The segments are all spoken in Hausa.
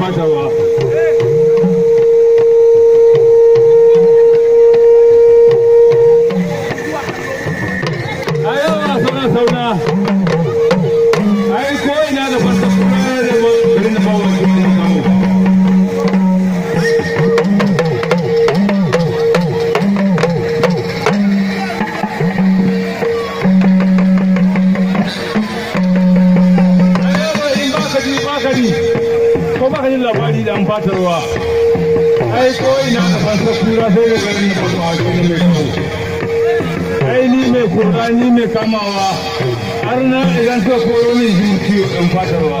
慢点，我。bata ruwa ai ko ina da fasa kura sai da garin da fasa a cikin mai kawo ai ni mai kura ni mai kamawa har na idan ka koro min jimki in fata ruwa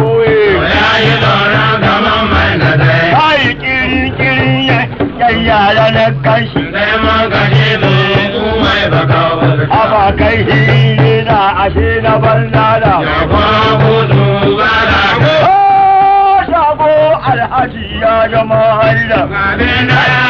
na kashi girma gare mu mai baka barka aba kai na na ya babu dubara ko shabo ya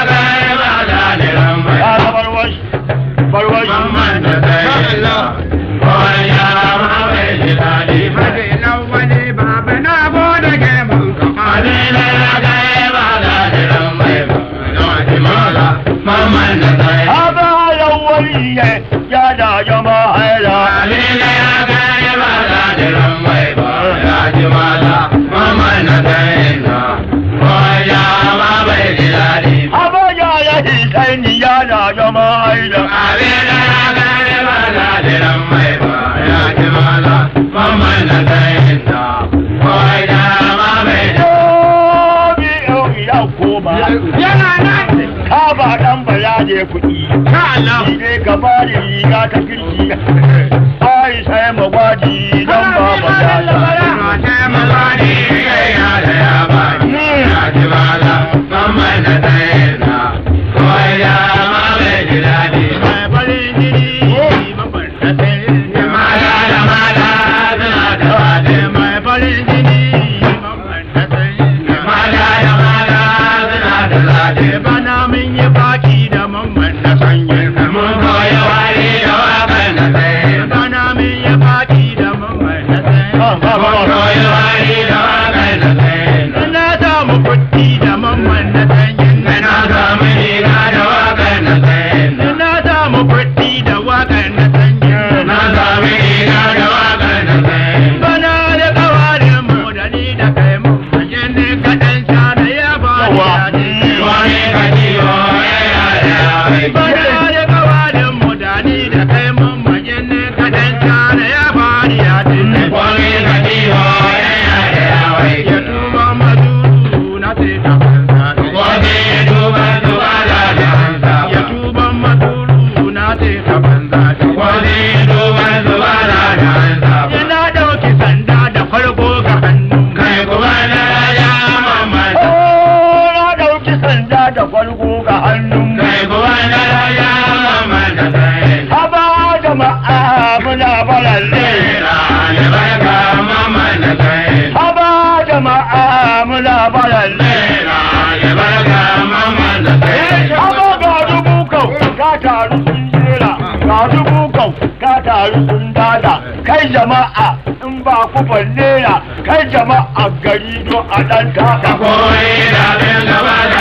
ba dan bala da kuɗi. ta Allah. Ni ne ka bani riga ta kirki. Ai sai magwaji. taru sun jera ga dubu ka taru sun dada kai jama'a in ba ku nera kai jama'a gari do a ɗan taka. Ka koyi da gaba da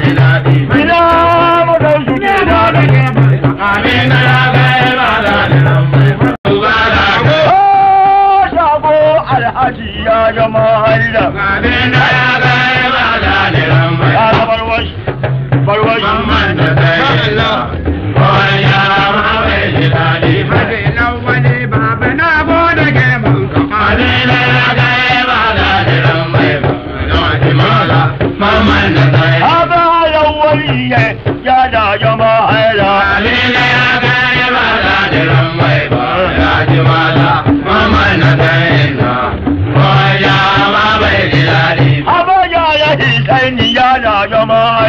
Krishna